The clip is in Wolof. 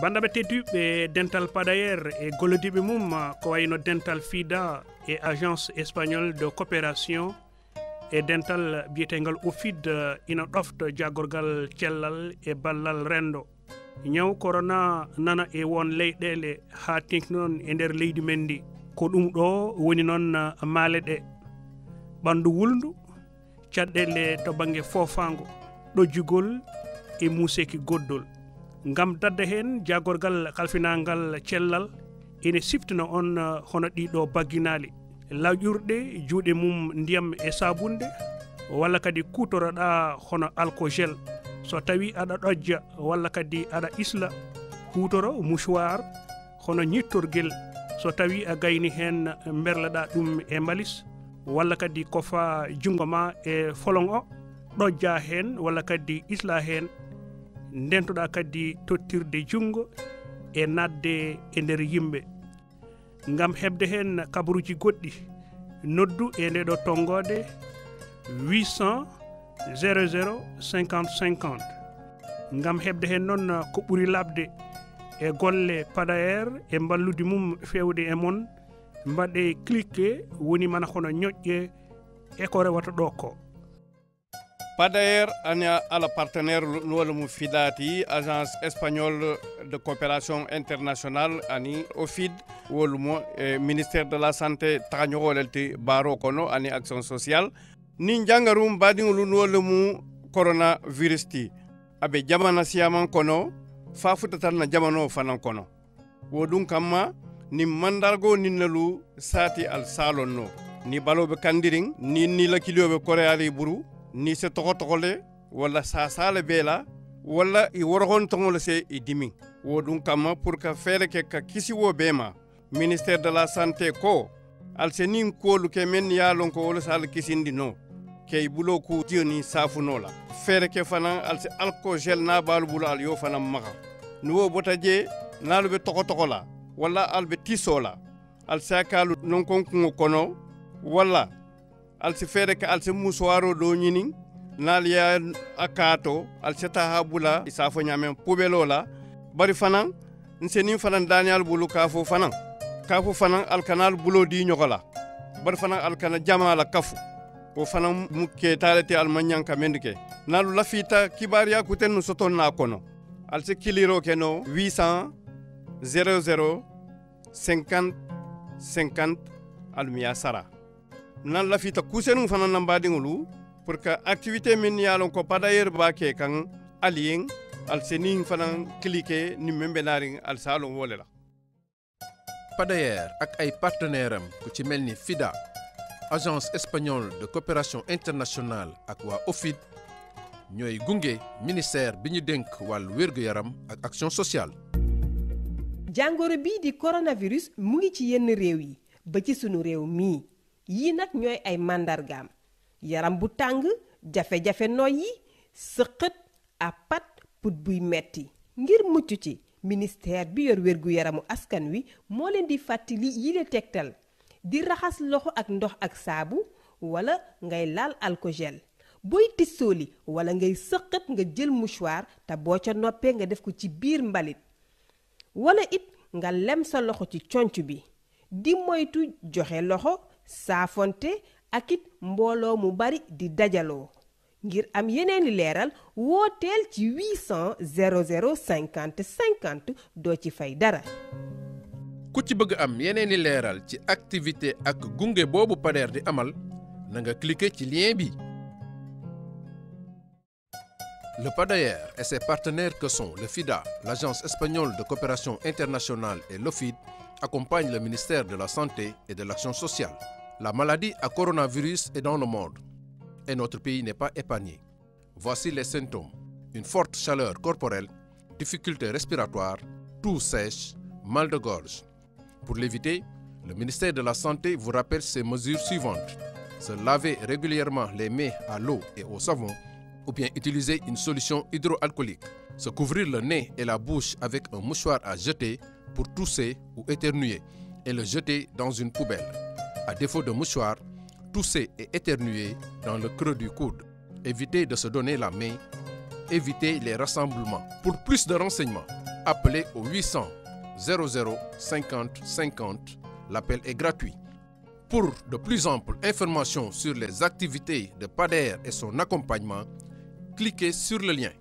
bandaɓe tedduɓe dental padayer e gollodiɓe mum ko wayno dental fida et agence espagnol de coopération e dental biyetegal ofid ina ɗofta jagorgal cellal e ballal rendo ñaw corona nana e won leyɗele ha tenki noon e nder leydi men ndi ko ɗum ɗo woni noon maale ɗe ɓandu wuldu caɗɗele to banggue fofago ɗojjugol e muuseki goddol ngam dadda hen jagorgal kalfinangal cellal ene siftino on eh, hono ɗiɗo bagginali lawƴurɗe juuɗe mum ndiyam e sabunde walla kadi kutoroɗa hono alcogel so tawi aɗa ɗojja walla kadi aɗa isla hutoro mouchoir hono ñittorguel so tawi a gayni hen berleɗa ɗum e mbalis walla kadi kofa jungo ma e folon o ɗojja hen walla kadi isla hen ndentoɗa kadi tottirde junngo e nadde e nder yimɓe ngam heɓde heen kabaruji goɗɗi noddu e nde ɗo tonngoode 800055 ngam heɓde heen noon ko ɓuri laɓde e golle padaer e mballudi mum fewde e moon mbaɗe clique woni mana hono ñoƴƴe e ko rewata ɗo ko Par d'ailleurs, à la partenaire Noël Fidati, agence espagnole de coopération internationale, ani OFID, ou le ministère de la Santé, Tanyorolelte Baro Kono, ani Action sociale. Ninjangarum badingulu Noël mu coronavirus ti. Abe jamana siyaman kono, fafutatan na jamano fanan kono. Wodun kama, ni mandargo ninlalu sati al salon no. Ni balobe kandiring, ni nila kiliobe koreali buru, ni se le walla sasale bee la walla i le se i dimiŋ wo dun kama pur ka feere ke ka kisi wo bee ma ministére de la santé ko alse nin kuwolu ke men ye a lon ko wolu sa kisindi no ke i bulo ku ni safuno la feere ke fanaŋ alse alkogel na baalu bulu al yo fanaŋ maga ni wo bota je naalu be togotogo la walla al be tiso la alse a kaalu nonkonkuŋo kono walla alsi fere ka alsi musuwaro do ñinin nal ya a kaato alsi ta ha bula isafo ñamen pubelo la bari fanan nsenin fanan daniyal bulu kafo fanan kafo fanan alkanal bulo di ñogola bari fanan al kana la kafu o fanan mu ketale te almañan ka mendi ke nalu lafita kibariya kuten nu soton na kono alsi kiliro ke no 800 00 50 50 almiya sara nan lafita kusenu fana nan badingulu pour que activité min yalon ko padayer ba ke kan alien al senin fana cliquer ni membe narin al salon wolela padayer ak ay partenaire am ku ci melni fida agence espagnole de coopération internationale ak wa ofid ñooy gunge ministère bi ñu dénk wàllu wér yaram ak action sociale jangoro bii di coronavirus mu ngi ci yenn réew yi ba ci sunu réew mii yii nag ñooy ay màndargaam yaram bu tàng jafe-jafe noyyi sëqët apat put buy metti ngir mucc ci ministère bi yor wérgu yaramu askan wi moo leen di fàttali yile tegtal di raxas loxo ak ndox ak saabu wala ngay laal alkogel booy li wala ngay sëqët nga jël mouchoir te boo ca noppee nga def ko ci biir mbalit wala it nga lem sa loxo ci conc bi di moytu joxe loxo Sa ak akit Mbolo mu bari di dajaloo ngir am yeneeni leeral ci 800 00 50 50 doo ci fay dara ku ci bëgg am yeneeni leeral ci activité ak gunge boobu Pader di amal nanga nga cliquer ci lien bi Le PADER et ses partenaires que sont le FIDA, l'Agence espagnole de coopération internationale et l'OFID accompagnent le ministère de la Santé et de l'Action sociale. La maladie à coronavirus est dans le monde et notre pays n'est pas épargné. Voici les symptômes. Une forte chaleur corporelle, difficultés respiratoires, toux sèche, mal de gorge. Pour l'éviter, le ministère de la Santé vous rappelle ces mesures suivantes. Se laver régulièrement les mains à l'eau et au savon ou bien utiliser une solution hydroalcoolique. Se couvrir le nez et la bouche avec un mouchoir à jeter pour tousser ou éternuer et le jeter dans une poubelle. À défaut de mouchoir, tousser et éternuer dans le creux du coude. Évitez de se donner la main. Évitez les rassemblements. Pour plus de renseignements, appelez au 800 00 50 50. L'appel est gratuit. Pour de plus amples informations sur les activités de PADER et son accompagnement, cliquez sur le lien.